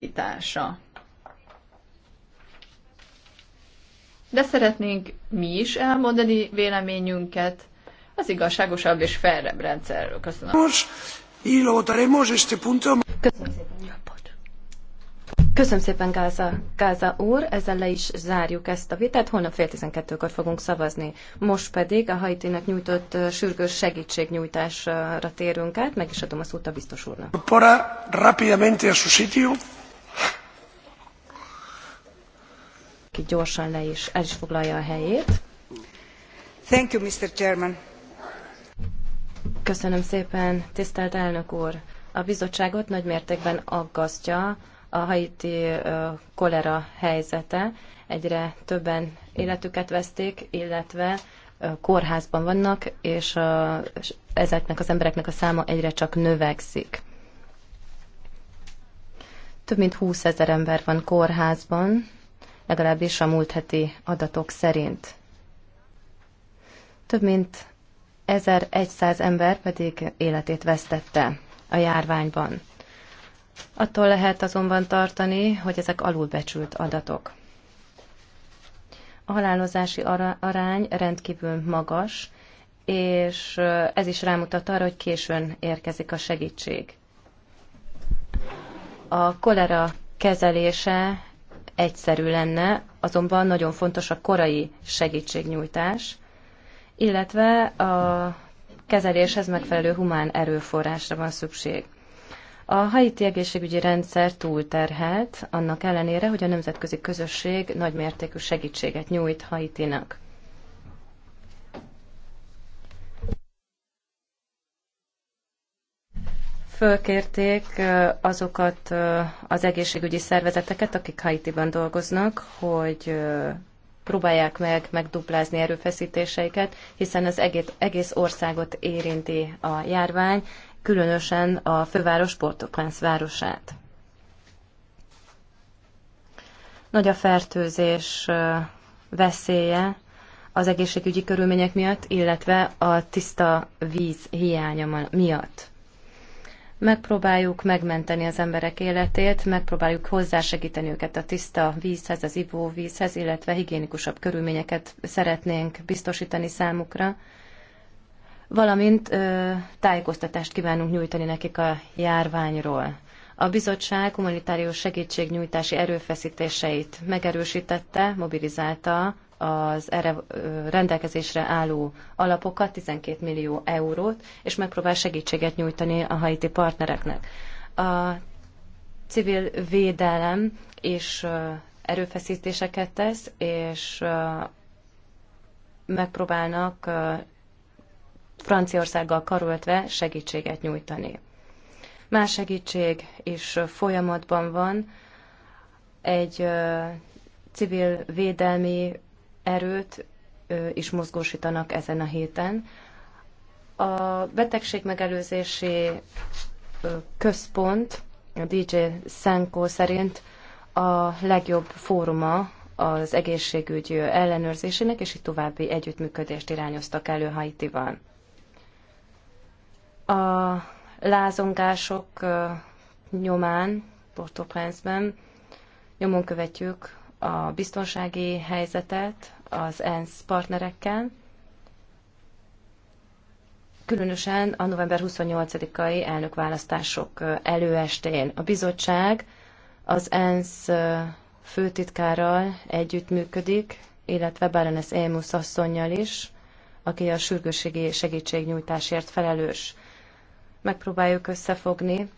kialakítása. De szeretnénk mi is elmondani véleményünket az igazságosabb és felrebb rendszerről. Köszönöm. Köszönöm szépen. Köszönöm szépen, Gáza, Gáza úr. Ezzel le is zárjuk ezt a vitát. Holnap fél tizenkettőkor fogunk szavazni. Most pedig a hajtének nyújtott sürgős segítségnyújtásra térünk át. Meg is adom a szót a biztos úrnak. Para rápidamente a su sitio. Ki gyorsan le is, el is foglalja a helyét. Thank you, Mr. Chairman. Köszönöm szépen, tisztelt elnök úr. A bizottságot nagymértékben aggasztja a haiti kolera helyzete. Egyre többen életüket veszték, illetve kórházban vannak, és ezeknek az embereknek a száma egyre csak növekszik. Több mint 20 ezer ember van kórházban, legalábbis a múlt heti adatok szerint. Több mint 1100 ember pedig életét vesztette a járványban. Attól lehet azonban tartani, hogy ezek alulbecsült adatok. A halálozási arány rendkívül magas, és ez is rámutat arra, hogy későn érkezik a segítség. A kolera kezelése egyszerű lenne, azonban nagyon fontos a korai segítségnyújtás, illetve a kezeléshez megfelelő humán erőforrásra van szükség. A haiti egészségügyi rendszer túlterhelt, annak ellenére, hogy a nemzetközi közösség nagymértékű segítséget nyújt Haitinak. Fölkérték azokat az egészségügyi szervezeteket, akik Haitiban dolgoznak, hogy próbálják meg megduplázni erőfeszítéseiket, hiszen az egész országot érinti a járvány, különösen a főváros Port-au-Prince városát. Nagy a fertőzés veszélye az egészségügyi körülmények miatt, illetve a tiszta víz hiánya miatt megpróbáljuk megmenteni az emberek életét, megpróbáljuk hozzásegíteni őket a tiszta vízhez, az ivóvízhez, illetve higiénikusabb körülményeket szeretnénk biztosítani számukra, valamint ö, tájékoztatást kívánunk nyújtani nekik a járványról. A bizottság humanitárius segítségnyújtási erőfeszítéseit megerősítette, mobilizálta az erre rendelkezésre álló alapokat, 12 millió eurót, és megpróbál segítséget nyújtani a haiti partnereknek. A civil védelem és erőfeszítéseket tesz, és megpróbálnak Franciaországgal karoltve segítséget nyújtani. Más segítség is folyamatban van, egy civil védelmi erőt is mozgósítanak ezen a héten. A betegség megelőzési központ, a DJ Sanko szerint a legjobb fóruma az egészségügy ellenőrzésének, és itt további együttműködést irányoztak elő Haitiban. A lázongások nyomán, Porto Prince-ben nyomon követjük a biztonsági helyzetet, az ENSZ partnerekkel, különösen a november 28-ai elnökválasztások előestén. A bizottság az ENSZ főtitkárral együttműködik, illetve Baroness Émus asszonynal is, aki a sürgőségi segítségnyújtásért felelős. Megpróbáljuk összefogni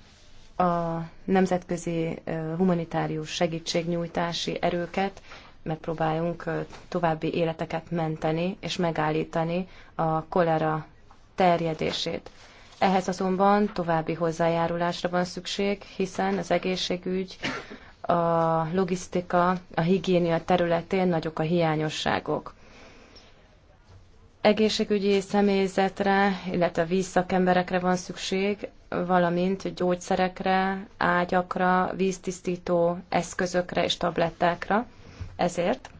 a nemzetközi humanitárius segítségnyújtási erőket, megpróbáljunk további életeket menteni és megállítani a kolera terjedését. Ehhez azonban további hozzájárulásra van szükség, hiszen az egészségügy, a logisztika, a higiénia területén nagyok a hiányosságok egészségügyi személyzetre, illetve vízszakemberekre van szükség, valamint gyógyszerekre, ágyakra, víztisztító eszközökre és tablettákra. Ezért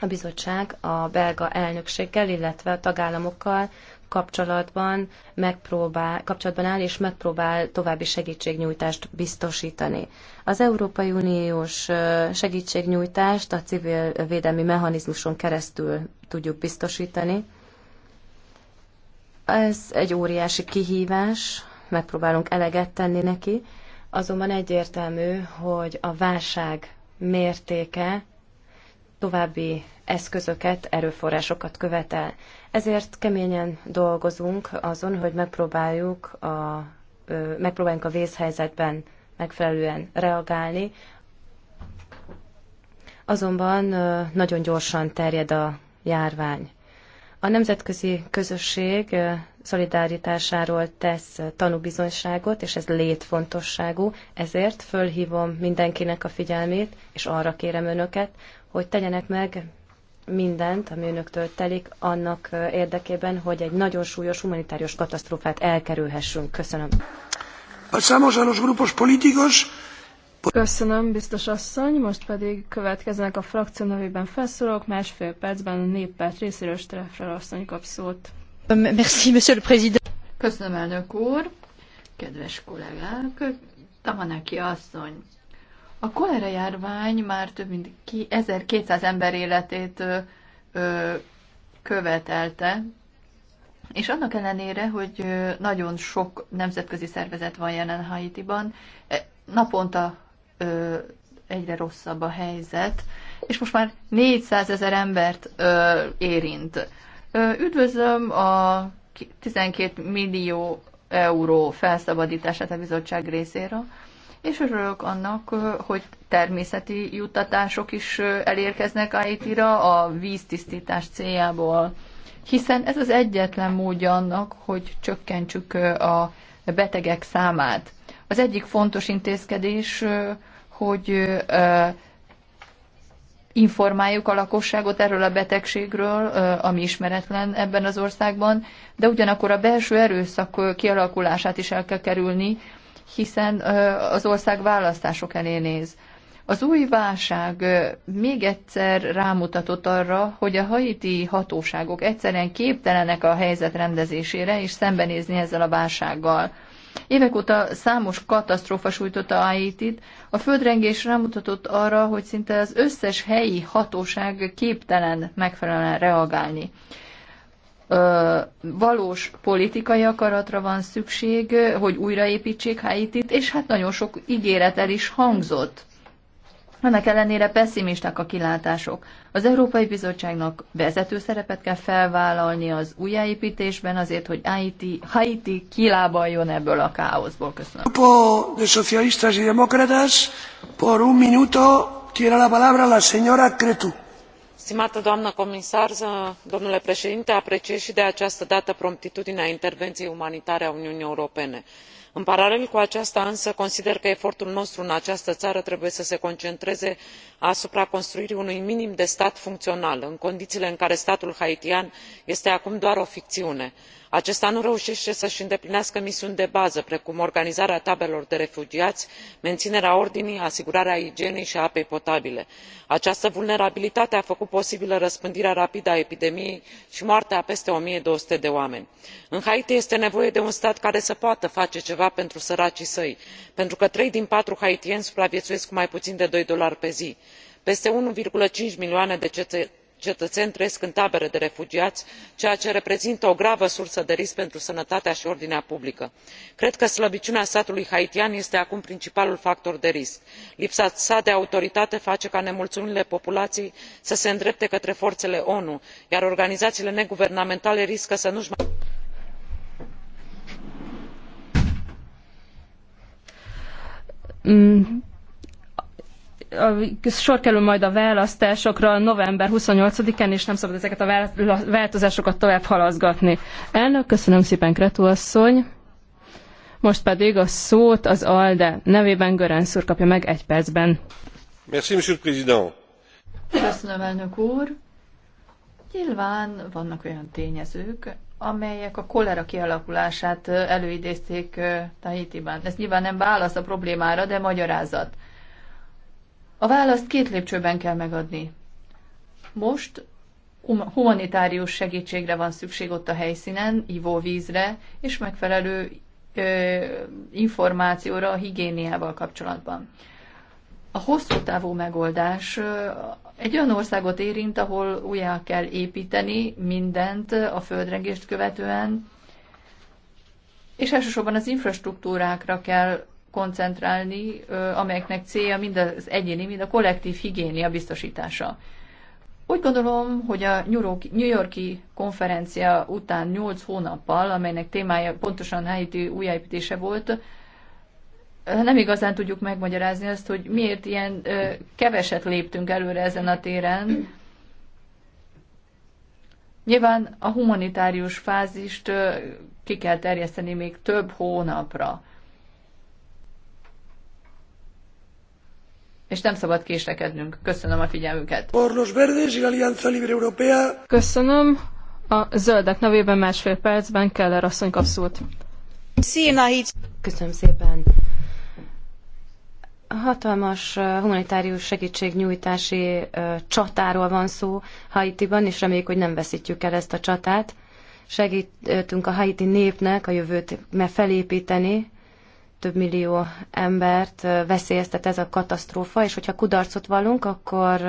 a bizottság a belga elnökséggel, illetve a tagállamokkal kapcsolatban megpróbál, kapcsolatban áll és megpróbál további segítségnyújtást biztosítani. Az Európai Uniós segítségnyújtást a civil védelmi mechanizmuson keresztül tudjuk biztosítani. Ez egy óriási kihívás, megpróbálunk eleget tenni neki, azonban egyértelmű, hogy a válság mértéke további eszközöket, erőforrásokat követel. Ezért keményen dolgozunk azon, hogy megpróbáljuk a, megpróbáljunk a vészhelyzetben megfelelően reagálni. Azonban nagyon gyorsan terjed a járvány. A nemzetközi közösség szolidaritásáról tesz tanúbizonyságot, és ez létfontosságú, ezért fölhívom mindenkinek a figyelmét, és arra kérem önöket, hogy tegyenek meg mindent, ami önöktől telik, annak érdekében, hogy egy nagyon súlyos humanitárius katasztrófát elkerülhessünk. Köszönöm. a los grupos politikus. Köszönöm, biztos asszony. Most pedig következnek a frakció nevében felszólók. Másfél percben a néppárt részéről Strefrel asszony kap szót. Merci, monsieur le président. Köszönöm, elnök úr. Kedves kollégák, Tamanaki asszony. A kolera járvány már több mint 1200 ember életét ö, követelte, és annak ellenére, hogy nagyon sok nemzetközi szervezet van jelen Haitiban, e, naponta ö, egyre rosszabb a helyzet, és most már 400 ezer embert ö, érint. üdvözlöm a 12 millió euró felszabadítását a bizottság részéről, és örülök annak, hogy természeti juttatások is elérkeznek Haitira a víztisztítás céljából, hiszen ez az egyetlen módja annak, hogy csökkentsük a betegek számát. Az egyik fontos intézkedés, hogy informáljuk a lakosságot erről a betegségről, ami ismeretlen ebben az országban, de ugyanakkor a belső erőszak kialakulását is el kell kerülni, hiszen az ország választások elé néz. Az új válság még egyszer rámutatott arra, hogy a haiti hatóságok egyszerűen képtelenek a helyzet rendezésére és szembenézni ezzel a válsággal. Évek óta számos katasztrófa sújtotta Haitit, a földrengés rámutatott arra, hogy szinte az összes helyi hatóság képtelen megfelelően reagálni valós politikai akaratra van szükség, hogy újraépítsék Haitit, és hát nagyon sok ígéret el is hangzott. Ennek ellenére pessimisták a kilátások. Az Európai Bizottságnak vezető szerepet kell felvállalni az újjáépítésben azért, hogy Haiti, Haiti kilábaljon ebből a káoszból. Köszönöm. Grupo de Socialistas y Demócratas, por un minuto tiene la palabra la señora Cretu stimată doamnă comisar domnule preedinte apreciez i de această dată promptitudinea interveniei umanitare a uniunii europene. în paralel cu aceasta însă consider că efortul nostru în această ară trebuie să se concentreze asupra construirii unui minim de stat funcional în condiiile în care statul haitian este acum doar o ficiune acesta nu reuete să i îndeplinească misiuni de bază precum organizarea taberelor de refugiai meninerea ordinii asigurarea igienei i a apei potabile. această vulnerabilitate a făcut posibilă răspândirea rapidă a epidemiei i moartea a peste unu două sute de oameni. în haiti este nevoie de un stat care să poată face ceva pentru săracii săi pentru că trei din patru haitieni supravieuiesc cu mai puin de doi dolari pe zi. peste unu cinci milioane de cetăeni cetăeni trăiesc în tabere de refugiai ceea ce reprezintă o gravă sursă de risc pentru sănătatea i ordinea publică. cred că slăbiciunea statului haitian este acum principalul factor de risc. lipsa sa de autoritate face ca nemulumirile populaiei să se îndrepte către forele onu iar organizaiile neguvernamentale riscă să nu i mai mm, sor kerül majd a választásokra november 28-án, és nem szabad ezeket a változásokat tovább halaszgatni. Elnök, köszönöm szépen, Kretu asszony. Most pedig a szót az ALDE nevében Görens úr kapja meg egy percben. Merci, monsieur le président. Köszönöm, elnök úr. Nyilván vannak olyan tényezők, amelyek a kolera kialakulását előidézték Tahitiban. Ez nyilván nem válasz a problémára, de magyarázat. A választ két lépcsőben kell megadni. Most humanitárius segítségre van szükség ott a helyszínen, ivóvízre és megfelelő ö, információra a higiéniával kapcsolatban. A hosszú távú megoldás egy olyan országot érint, ahol újjá kell építeni mindent a földrengést követően, és elsősorban az infrastruktúrákra kell koncentrálni, amelyeknek célja mind az egyéni, mind a kollektív higiénia biztosítása. Úgy gondolom, hogy a New Yorki konferencia után 8 hónappal, amelynek témája pontosan Haiti újjáépítése volt, nem igazán tudjuk megmagyarázni azt, hogy miért ilyen keveset léptünk előre ezen a téren. Nyilván a humanitárius fázist ki kell terjeszteni még több hónapra és nem szabad késlekednünk. Köszönöm a figyelmüket. Köszönöm. A zöldek nevében másfél percben Keller asszony kap szót. Köszönöm szépen. Hatalmas humanitárius segítségnyújtási csatáról van szó Haitiban, és reméljük, hogy nem veszítjük el ezt a csatát. Segítünk a haiti népnek a jövőt felépíteni, több millió embert veszélyeztet ez a katasztrófa, és hogyha kudarcot vallunk, akkor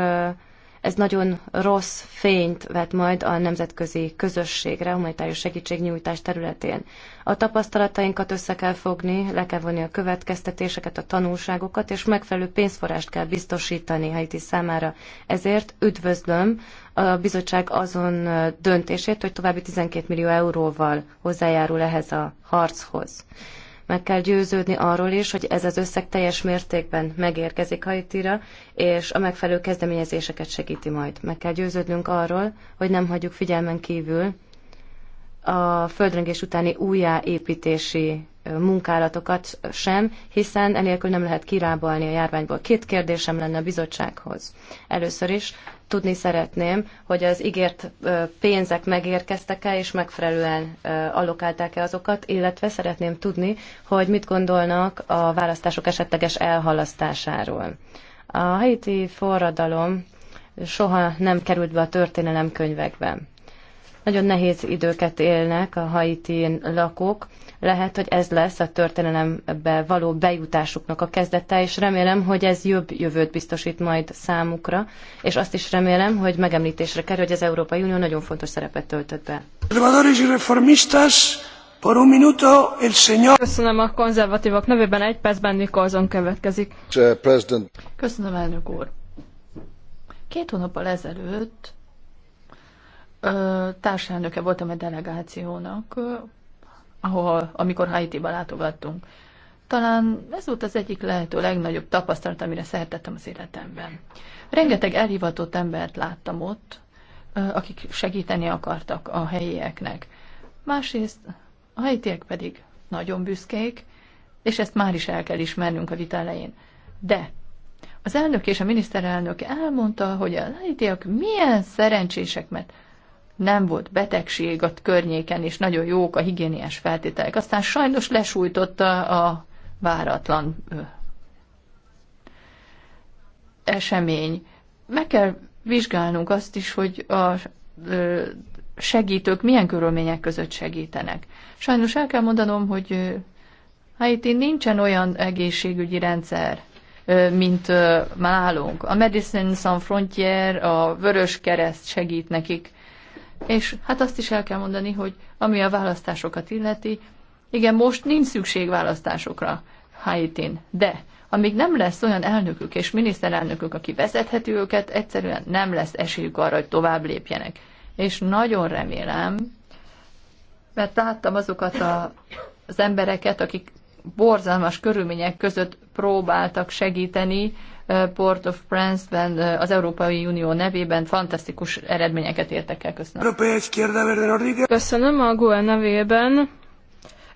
ez nagyon rossz fényt vet majd a nemzetközi közösségre, a humanitárius segítségnyújtás területén. A tapasztalatainkat össze kell fogni, le kell vonni a következtetéseket, a tanulságokat, és megfelelő pénzforrást kell biztosítani Haiti számára. Ezért üdvözlöm a bizottság azon döntését, hogy további 12 millió euróval hozzájárul ehhez a harchoz meg kell győződni arról is, hogy ez az összeg teljes mértékben megérkezik Haitira, és a megfelelő kezdeményezéseket segíti majd. Meg kell győződnünk arról, hogy nem hagyjuk figyelmen kívül a földrengés utáni újjáépítési munkálatokat sem, hiszen enélkül nem lehet kirábalni a járványból. Két kérdésem lenne a bizottsághoz. Először is, Tudni szeretném, hogy az ígért pénzek megérkeztek-e, és megfelelően allokálták-e azokat, illetve szeretném tudni, hogy mit gondolnak a választások esetleges elhalasztásáról. A haiti forradalom soha nem került be a történelemkönyvekbe. Nagyon nehéz időket élnek a haiti lakók. Lehet, hogy ez lesz a történelembe való bejutásuknak a kezdete, és remélem, hogy ez jobb jövőt biztosít majd számukra, és azt is remélem, hogy megemlítésre kerül, hogy az Európai Unió nagyon fontos szerepet töltött be. Köszönöm a konzervatívok nevében egy percben Nikolzon következik. Köszönöm, elnök úr. Két hónappal ezelőtt társelnöke voltam egy delegációnak, ahol, amikor Haiti-ba látogattunk. Talán ez volt az egyik lehető legnagyobb tapasztalat, amire szertettem az életemben. Rengeteg elhivatott embert láttam ott, akik segíteni akartak a helyieknek. Másrészt a haitiek pedig nagyon büszkék, és ezt már is el kell ismernünk a vita elején. De az elnök és a miniszterelnök elmondta, hogy a helyiek milyen szerencsések, mert nem volt betegség a környéken, és nagyon jók a higiéniás feltételek. Aztán sajnos lesújtotta a váratlan esemény. Meg kell vizsgálnunk azt is, hogy a segítők milyen körülmények között segítenek. Sajnos el kell mondanom, hogy Haiti hát nincsen olyan egészségügyi rendszer, mint nálunk. A Medicine Sans Frontier, a Vörös Kereszt segít nekik, és hát azt is el kell mondani, hogy ami a választásokat illeti, igen, most nincs szükség választásokra Haitin, de amíg nem lesz olyan elnökük és miniszterelnökük, aki vezetheti őket, egyszerűen nem lesz esélyük arra, hogy tovább lépjenek. És nagyon remélem, mert láttam azokat a, az embereket, akik borzalmas körülmények között próbáltak segíteni Port of Prince-ben az Európai Unió nevében fantasztikus eredményeket értek el. Köszönöm. Köszönöm a GUE nevében.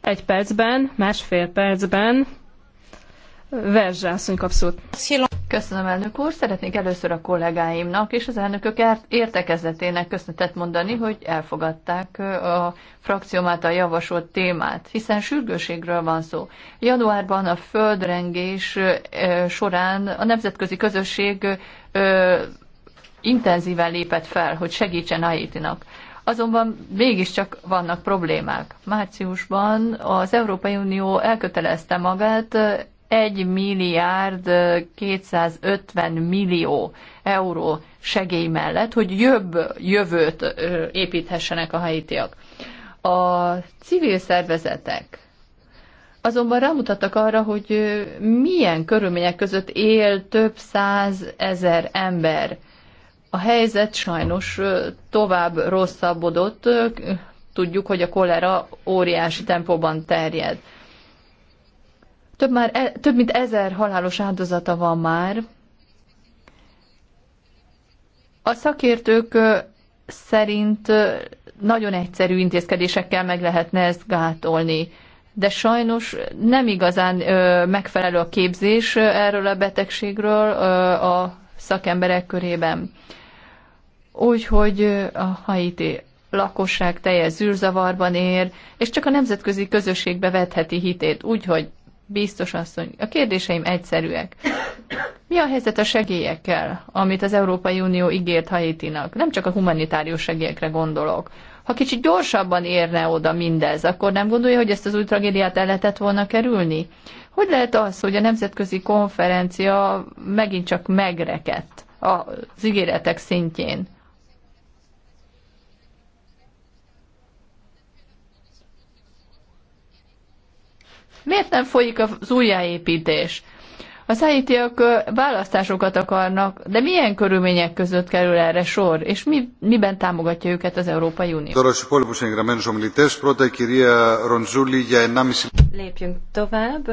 Egy percben, másfél percben. Verzsászony kapszót. Köszönöm, elnök úr. Szeretnék először a kollégáimnak és az elnökök értekezletének köszönetet mondani, hogy elfogadták a frakcióm által javasolt témát, hiszen sürgőségről van szó. Januárban a földrengés során a nemzetközi közösség intenzíven lépett fel, hogy segítsen Haitinak. Azonban mégiscsak vannak problémák. Márciusban az Európai Unió elkötelezte magát 1 milliárd 250 millió euró segély mellett, hogy jobb jövőt építhessenek a haitiak. A civil szervezetek azonban rámutattak arra, hogy milyen körülmények között él több száz ezer ember. A helyzet sajnos tovább rosszabbodott, tudjuk, hogy a kolera óriási tempóban terjed. Több, már, e, több mint ezer halálos áldozata van már. A szakértők szerint nagyon egyszerű intézkedésekkel meg lehetne ezt gátolni, de sajnos nem igazán megfelelő a képzés erről a betegségről a szakemberek körében. Úgyhogy a haiti lakosság teljes zűrzavarban ér, és csak a nemzetközi közösségbe vetheti hitét, úgyhogy Biztos asszony, a kérdéseim egyszerűek. Mi a helyzet a segélyekkel, amit az Európai Unió ígért Haitinak? Nem csak a humanitárius segélyekre gondolok. Ha kicsit gyorsabban érne oda mindez, akkor nem gondolja, hogy ezt az új tragédiát el lehetett volna kerülni? Hogy lehet az, hogy a nemzetközi konferencia megint csak megrekedt az ígéretek szintjén? Miért nem folyik az újjáépítés? A szájítiak választásokat akarnak, de milyen körülmények között kerül erre sor, és mi, miben támogatja őket az Európai Unió? Lépjünk tovább.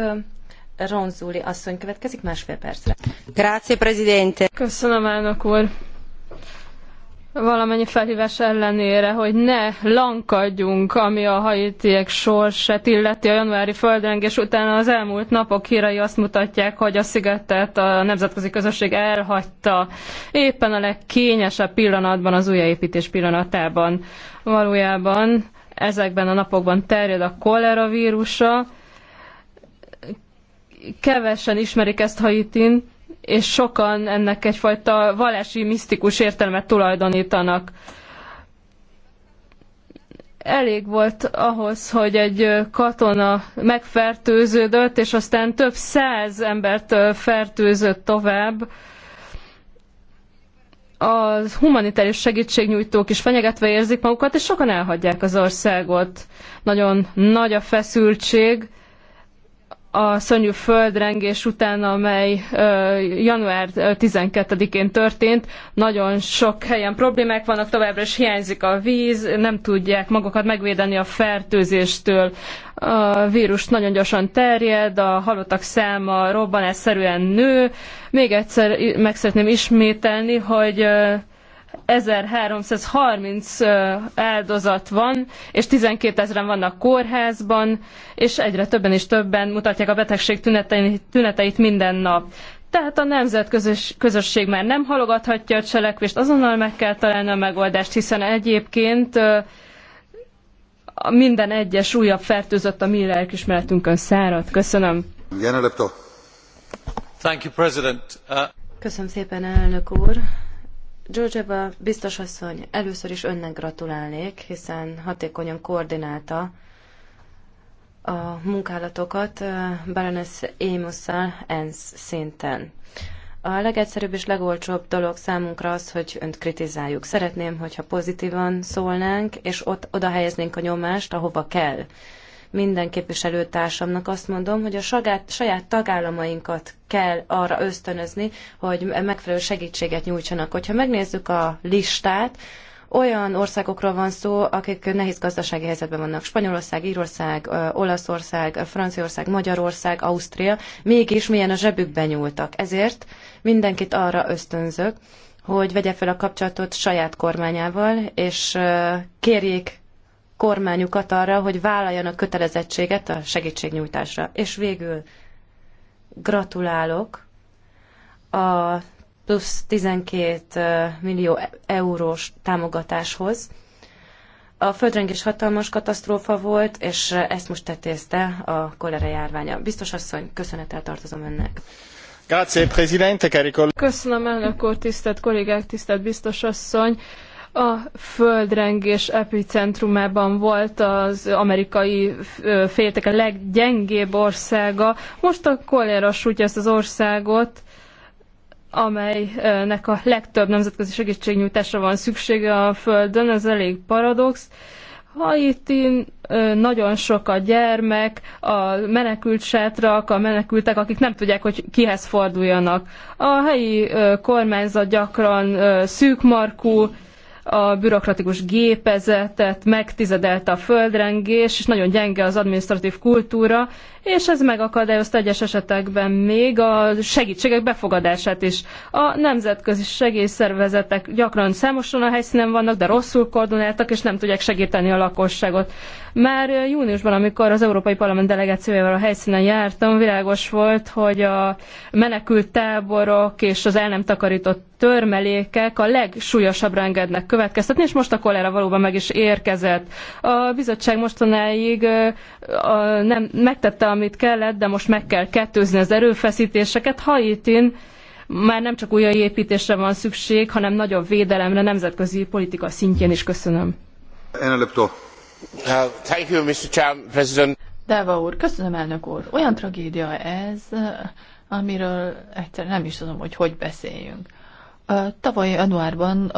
Ronzuli asszony következik másfél percre. Grazie, Presidente. Köszönöm, elnök úr valamennyi felhívás ellenére, hogy ne lankadjunk, ami a haitiek sorsát illeti a januári földrengés után az elmúlt napok hírei azt mutatják, hogy a szigetet a nemzetközi közösség elhagyta éppen a legkényesebb pillanatban, az újjáépítés pillanatában. Valójában ezekben a napokban terjed a kolera vírusa, kevesen ismerik ezt Haitin, és sokan ennek egyfajta vallási, misztikus értelmet tulajdonítanak. Elég volt ahhoz, hogy egy katona megfertőződött, és aztán több száz embert fertőzött tovább. A humanitárius segítségnyújtók is fenyegetve érzik magukat, és sokan elhagyják az országot. Nagyon nagy a feszültség a szörnyű földrengés után, amely január 12-én történt, nagyon sok helyen problémák vannak, továbbra is hiányzik a víz, nem tudják magukat megvédeni a fertőzéstől. A vírus nagyon gyorsan terjed, a halottak száma robbanásszerűen nő. Még egyszer meg szeretném ismételni, hogy 1330 áldozat van, és 12 ezeren vannak kórházban, és egyre többen és többen mutatják a betegség tüneteit minden nap. Tehát a nemzetközi közösség már nem halogathatja a cselekvést, azonnal meg kell találni a megoldást, hiszen egyébként minden egyes újabb fertőzött a mi lelkismeretünkön szárad. Köszönöm. Uh, Köszönöm szépen, elnök úr. Georgieva biztos asszony, először is önnek gratulálnék, hiszen hatékonyan koordinálta a munkálatokat Baroness Émusszal ENSZ szinten. A legegyszerűbb és legolcsóbb dolog számunkra az, hogy önt kritizáljuk. Szeretném, hogyha pozitívan szólnánk, és ott oda helyeznénk a nyomást, ahova kell minden képviselőtársamnak azt mondom, hogy a saját, saját tagállamainkat kell arra ösztönözni, hogy megfelelő segítséget nyújtsanak. Hogyha megnézzük a listát, olyan országokról van szó, akik nehéz gazdasági helyzetben vannak. Spanyolország, Írország, Olaszország, Franciaország, Magyarország, Ausztria, mégis milyen a zsebükben nyúltak. Ezért mindenkit arra ösztönzök, hogy vegye fel a kapcsolatot saját kormányával, és kérjék kormányukat arra, hogy vállaljanak kötelezettséget a segítségnyújtásra. És végül gratulálok a plusz 12 millió eurós támogatáshoz. A földrengés hatalmas katasztrófa volt, és ezt most tetézte a kolera járványa. Biztos asszony, köszönettel tartozom önnek. Grazie, Presidente, cari Köszönöm, elnök úr, tisztelt kollégák, tisztelt biztos asszony a földrengés epicentrumában volt az amerikai féltek a leggyengébb országa. Most a kolera sújtja ezt az országot, amelynek a legtöbb nemzetközi segítségnyújtásra van szüksége a Földön, ez elég paradox. Haitin nagyon sok a gyermek, a menekült sátrak, a menekültek, akik nem tudják, hogy kihez forduljanak. A helyi kormányzat gyakran szűkmarkú, a bürokratikus gépezetet megtizedelte a földrengés, és nagyon gyenge az administratív kultúra, és ez megakadályozta egyes esetekben még a segítségek befogadását is. A nemzetközi segélyszervezetek gyakran számosan a helyszínen vannak, de rosszul koordináltak, és nem tudják segíteni a lakosságot. Már júniusban, amikor az Európai Parlament delegációjával a helyszínen jártam, világos volt, hogy a menekült táborok és az el nem takarított törmelékek a legsúlyosabbra engednek következtetni, és most a kolera valóban meg is érkezett. A bizottság mostanáig a nem, megtette a amit kellett, de most meg kell kettőzni az erőfeszítéseket. Haitin már nem csak újjáépítésre van szükség, hanem nagyobb védelemre nemzetközi politika szintjén is. Köszönöm. Thank you, Mr. Chairman, President. Deva úr, köszönöm elnök úr. Olyan tragédia ez, amiről egyszer nem is tudom, hogy hogy beszéljünk. Tavaly januárban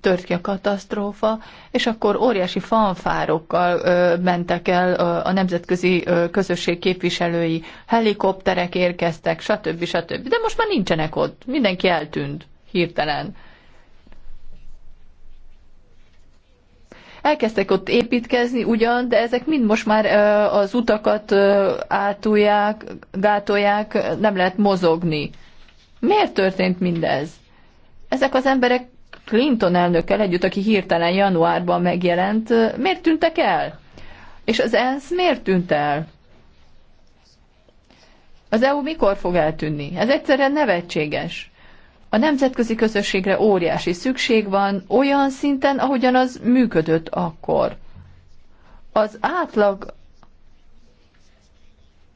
tört ki a katasztrófa, és akkor óriási fanfárokkal mentek el a nemzetközi közösség képviselői, helikopterek érkeztek, stb. stb. De most már nincsenek ott, mindenki eltűnt hirtelen. Elkezdtek ott építkezni ugyan, de ezek mind most már az utakat átulják, gátolják, nem lehet mozogni. Miért történt mindez? ezek az emberek Clinton elnökkel együtt, aki hirtelen januárban megjelent, miért tűntek el? És az ENSZ miért tűnt el? Az EU mikor fog eltűnni? Ez egyszerűen nevetséges. A nemzetközi közösségre óriási szükség van, olyan szinten, ahogyan az működött akkor. Az átlag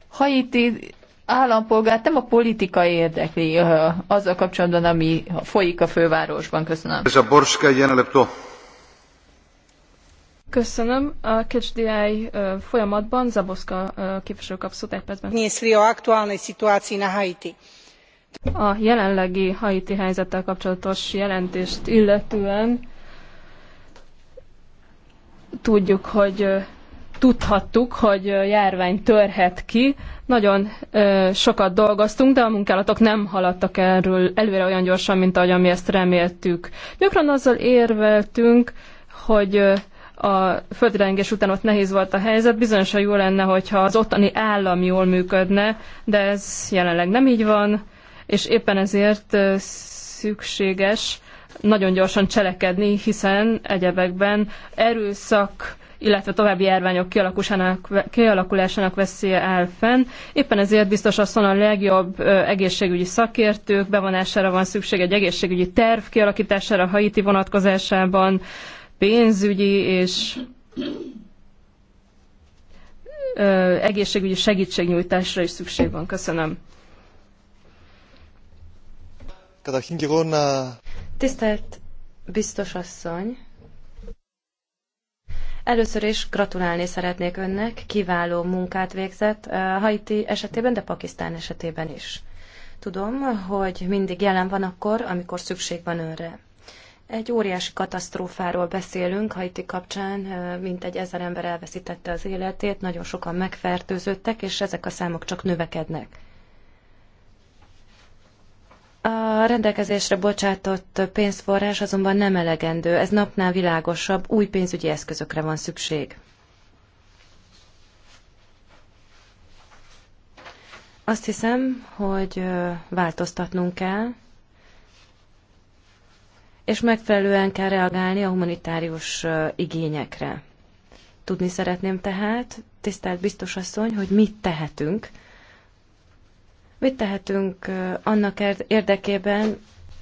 haiti állampolgárt nem a politika érdekli azzal kapcsolatban, ami folyik a fővárosban. Köszönöm. Ez a Borska jelenleptó. Köszönöm. A KCDI folyamatban Zaboszka képviselő kap szót egy percben. A jelenlegi haiti helyzettel kapcsolatos jelentést illetően tudjuk, hogy tudhattuk, hogy járvány törhet ki. Nagyon ö, sokat dolgoztunk, de a munkálatok nem haladtak erről előre olyan gyorsan, mint ahogy mi ezt reméltük. Gyakran azzal érveltünk, hogy a földrengés után ott nehéz volt a helyzet, bizonyosan jó lenne, hogyha az ottani állam jól működne, de ez jelenleg nem így van, és éppen ezért szükséges nagyon gyorsan cselekedni, hiszen egyebekben erőszak, illetve további járványok kialakulásának veszélye áll fenn. Éppen ezért biztos asszon a legjobb egészségügyi szakértők bevonására van szükség egy egészségügyi terv kialakítására Haiti vonatkozásában, pénzügyi és egészségügyi segítségnyújtásra is szükség van. Köszönöm. Tisztelt biztos asszony! Először is gratulálni szeretnék önnek, kiváló munkát végzett eh, Haiti esetében, de Pakisztán esetében is. Tudom, hogy mindig jelen van akkor, amikor szükség van önre. Egy óriási katasztrófáról beszélünk Haiti kapcsán, eh, mintegy ezer ember elveszítette az életét, nagyon sokan megfertőzöttek, és ezek a számok csak növekednek. A rendelkezésre bocsátott pénzforrás azonban nem elegendő, ez napnál világosabb, új pénzügyi eszközökre van szükség. Azt hiszem, hogy változtatnunk kell, és megfelelően kell reagálni a humanitárius igényekre. Tudni szeretném tehát, tisztelt biztos asszony, hogy mit tehetünk, Mit tehetünk annak érdekében,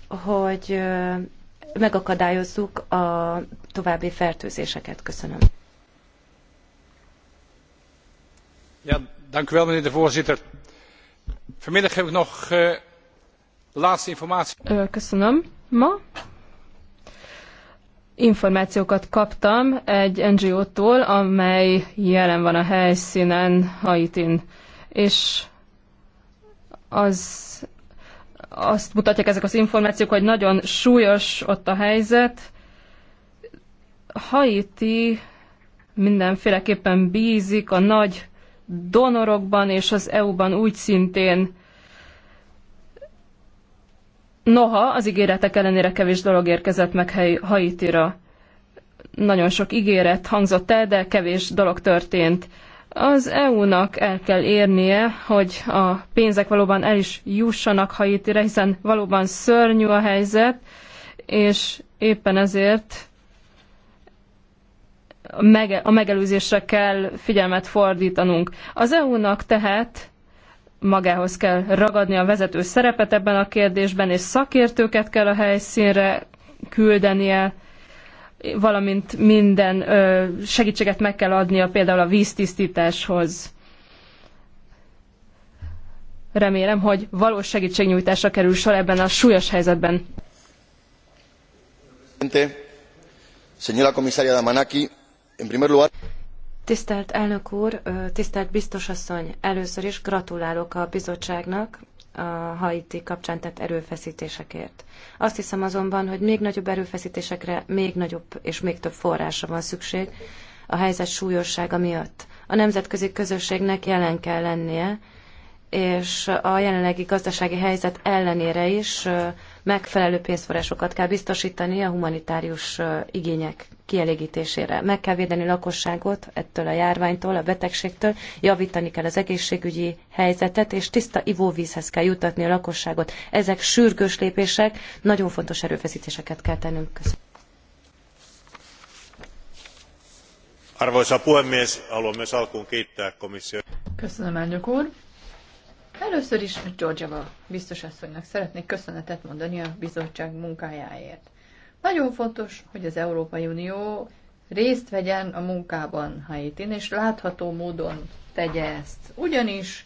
hogy megakadályozzuk a további fertőzéseket? Köszönöm. Ja, dank u wel, meneer de voorzitter. Vanmiddag heb ik nog uh, eh, de laatste informatie. Köszönöm. Ma információkat kaptam egy NGO-tól, amely jelen van a helyszínen, Haitin. És az azt mutatják ezek az információk, hogy nagyon súlyos ott a helyzet. Haiti mindenféleképpen bízik a nagy donorokban és az EU-ban úgy szintén. Noha az ígéretek ellenére kevés dolog érkezett meg Haitira. Nagyon sok ígéret hangzott el, de kevés dolog történt. Az EU-nak el kell érnie, hogy a pénzek valóban el is jussanak Haitire, hiszen valóban szörnyű a helyzet, és éppen ezért a megelőzésre kell figyelmet fordítanunk. Az EU-nak tehát magához kell ragadni a vezető szerepet ebben a kérdésben, és szakértőket kell a helyszínre küldenie, valamint minden segítséget meg kell adnia például a víztisztításhoz. Remélem, hogy valós segítségnyújtásra kerül sor ebben a súlyos helyzetben. Tisztelt elnök úr, tisztelt biztos asszony, először is gratulálok a bizottságnak a Haiti kapcsán tett erőfeszítésekért. Azt hiszem azonban, hogy még nagyobb erőfeszítésekre, még nagyobb és még több forrásra van szükség a helyzet súlyossága miatt. A nemzetközi közösségnek jelen kell lennie, és a jelenlegi gazdasági helyzet ellenére is megfelelő pénzforrásokat kell biztosítani a humanitárius igények kielégítésére. Meg kell védeni lakosságot ettől a járványtól, a betegségtől, javítani kell az egészségügyi helyzetet, és tiszta ivóvízhez kell jutatni a lakosságot. Ezek sürgős lépések, nagyon fontos erőfeszítéseket kell tennünk. Köszönöm. Arvoisa puhemies, haluan myös alkuun kiittää komissio. Köszönöm, elnök úr. Először is Georgiava biztos asszonynak szeretnék köszönetet mondani a bizottság munkájáért. Nagyon fontos, hogy az Európai Unió részt vegyen a munkában Haitin, és látható módon tegye ezt. Ugyanis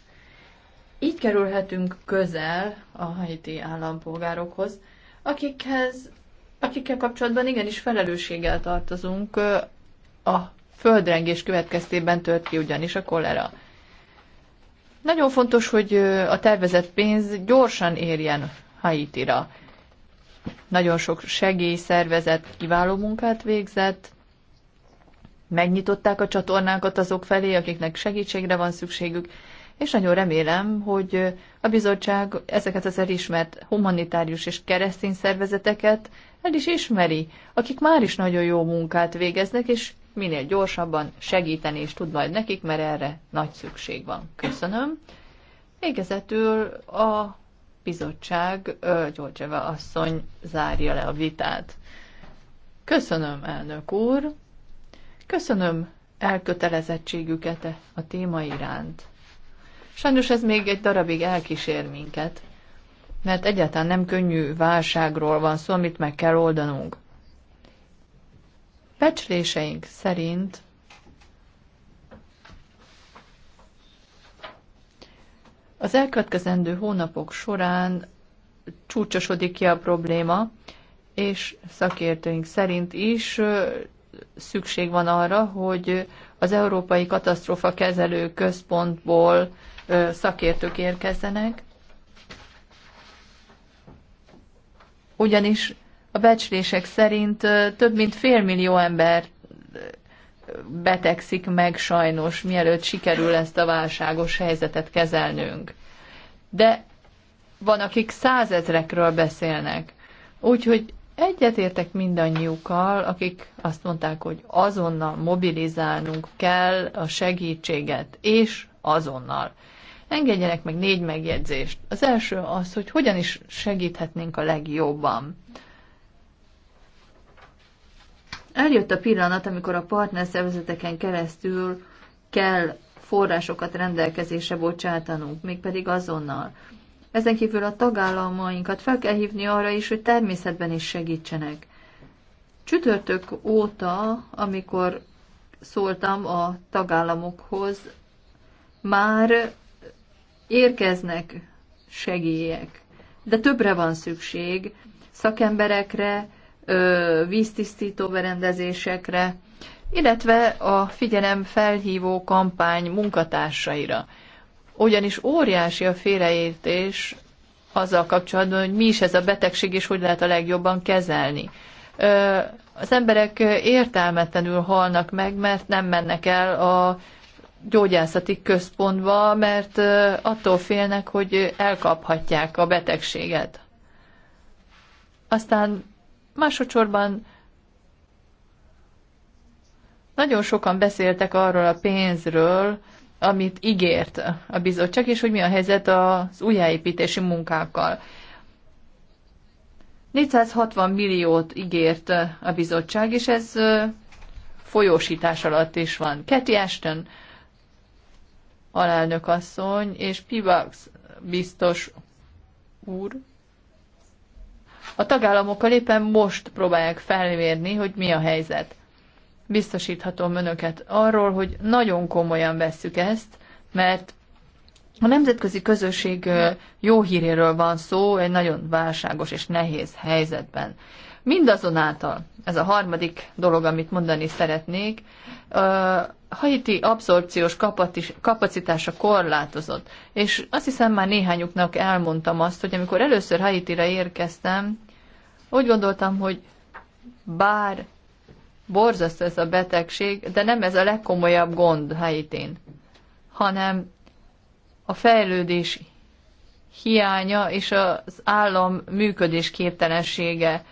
így kerülhetünk közel a haiti állampolgárokhoz, akikhez, akikkel kapcsolatban igenis felelősséggel tartozunk a földrengés következtében tört ki ugyanis a kolera. Nagyon fontos, hogy a tervezett pénz gyorsan érjen Haitira. Nagyon sok segélyszervezet kiváló munkát végzett, megnyitották a csatornákat azok felé, akiknek segítségre van szükségük, és nagyon remélem, hogy a bizottság ezeket az elismert humanitárius és keresztény szervezeteket el is ismeri, akik már is nagyon jó munkát végeznek, és minél gyorsabban segíteni is tud majd nekik, mert erre nagy szükség van. Köszönöm. Végezetül a bizottság Györgyeva asszony zárja le a vitát. Köszönöm, elnök úr. Köszönöm elkötelezettségüket a téma iránt. Sajnos ez még egy darabig elkísér minket, mert egyáltalán nem könnyű válságról van szó, amit meg kell oldanunk. Becsléseink szerint az elkövetkezendő hónapok során csúcsosodik ki a probléma, és szakértőink szerint is szükség van arra, hogy az Európai Katasztrófa Kezelő Központból szakértők érkezzenek, ugyanis a becslések szerint több mint fél millió ember betegszik meg sajnos, mielőtt sikerül ezt a válságos helyzetet kezelnünk. De van, akik százezrekről beszélnek. Úgyhogy egyetértek mindannyiukkal, akik azt mondták, hogy azonnal mobilizálnunk kell a segítséget, és azonnal. Engedjenek meg négy megjegyzést. Az első az, hogy hogyan is segíthetnénk a legjobban. Eljött a pillanat, amikor a szervezeteken keresztül kell forrásokat rendelkezésre bocsátanunk, mégpedig azonnal. Ezen kívül a tagállamainkat fel kell hívni arra is, hogy természetben is segítsenek. Csütörtök óta, amikor szóltam a tagállamokhoz, már érkeznek segélyek, de többre van szükség, szakemberekre, víztisztító berendezésekre, illetve a figyelem felhívó kampány munkatársaira. Ugyanis óriási a félreértés azzal kapcsolatban, hogy mi is ez a betegség, és hogy lehet a legjobban kezelni. Az emberek értelmetlenül halnak meg, mert nem mennek el a gyógyászati központba, mert attól félnek, hogy elkaphatják a betegséget. Aztán Másodszorban nagyon sokan beszéltek arról a pénzről, amit ígért a bizottság, és hogy mi a helyzet az újjáépítési munkákkal. 460 milliót ígért a bizottság, és ez folyósítás alatt is van. Kathy Ashton, alelnök asszony, és Pivax biztos úr a tagállamokkal éppen most próbálják felmérni, hogy mi a helyzet. Biztosíthatom önöket arról, hogy nagyon komolyan vesszük ezt, mert a nemzetközi közösség jó híréről van szó egy nagyon válságos és nehéz helyzetben. Mindazonáltal, ez a harmadik dolog, amit mondani szeretnék, Haiti abszorpciós kapacitása korlátozott. És azt hiszem már néhányuknak elmondtam azt, hogy amikor először Haitira érkeztem, úgy gondoltam, hogy bár borzasztó ez a betegség, de nem ez a legkomolyabb gond Haitén, hanem a fejlődés hiánya és az állam működés képtelensége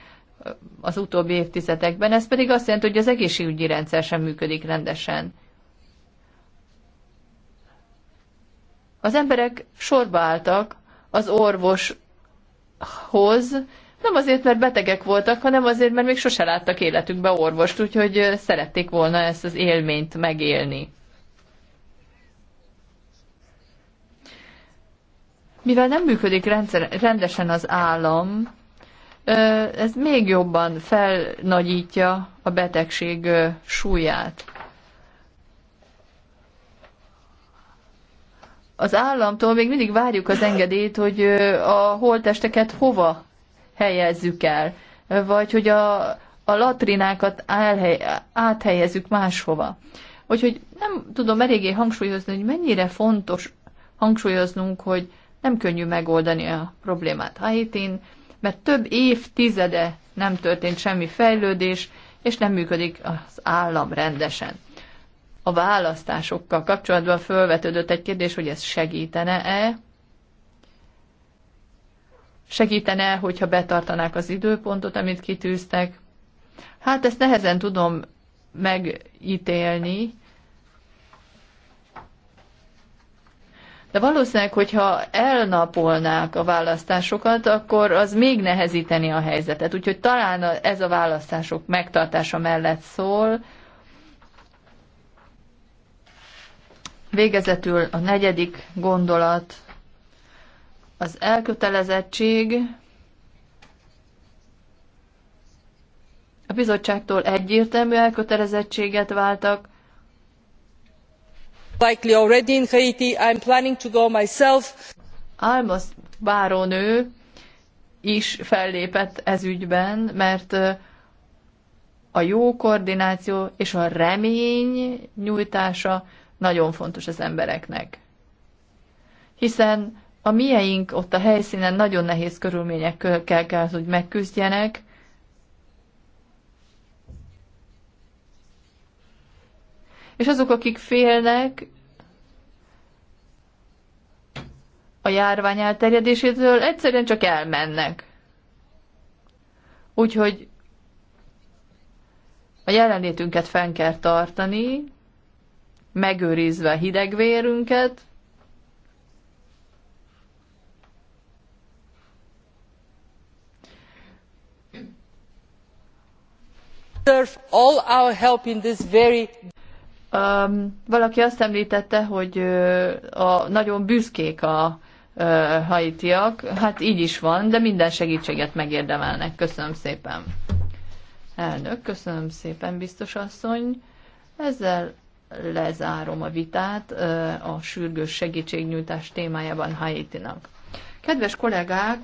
az utóbbi évtizedekben, ez pedig azt jelenti, hogy az egészségügyi rendszer sem működik rendesen. Az emberek sorba álltak az orvoshoz, nem azért, mert betegek voltak, hanem azért, mert még sose láttak életükbe orvost, úgyhogy szerették volna ezt az élményt megélni. Mivel nem működik rendszer, rendesen az állam, ez még jobban felnagyítja a betegség súlyát. Az államtól még mindig várjuk az engedélyt, hogy a holtesteket hova helyezzük el, vagy hogy a, a latrinákat elhely, áthelyezzük máshova. Úgyhogy nem tudom eléggé hangsúlyozni, hogy mennyire fontos hangsúlyoznunk, hogy nem könnyű megoldani a problémát Ha én mert több évtizede nem történt semmi fejlődés, és nem működik az állam rendesen. A választásokkal kapcsolatban felvetődött egy kérdés, hogy ez segítene-e? Segítene, hogyha betartanák az időpontot, amit kitűztek? Hát ezt nehezen tudom megítélni, De valószínűleg, hogyha elnapolnák a választásokat, akkor az még nehezíteni a helyzetet. Úgyhogy talán ez a választások megtartása mellett szól. Végezetül a negyedik gondolat, az elkötelezettség a bizottságtól egyértelmű elkötelezettséget váltak, likely already in Haiti. I'm planning to go myself. Almas bárónő is fellépett ez ügyben, mert a jó koordináció és a remény nyújtása nagyon fontos az embereknek. Hiszen a mieink ott a helyszínen nagyon nehéz körülményekkel kell, hogy megküzdjenek, és azok, akik félnek a járvány elterjedésétől, egyszerűen csak elmennek. Úgyhogy a jelenlétünket fenn kell tartani, megőrizve hidegvérünket, deserve all our help in this very Um, valaki azt említette, hogy a, nagyon büszkék a haitiak. Hát így is van, de minden segítséget megérdemelnek. Köszönöm szépen. Elnök, köszönöm szépen, biztos asszony. Ezzel lezárom a vitát a sürgős segítségnyújtás témájában Haitinak. Kedves kollégák!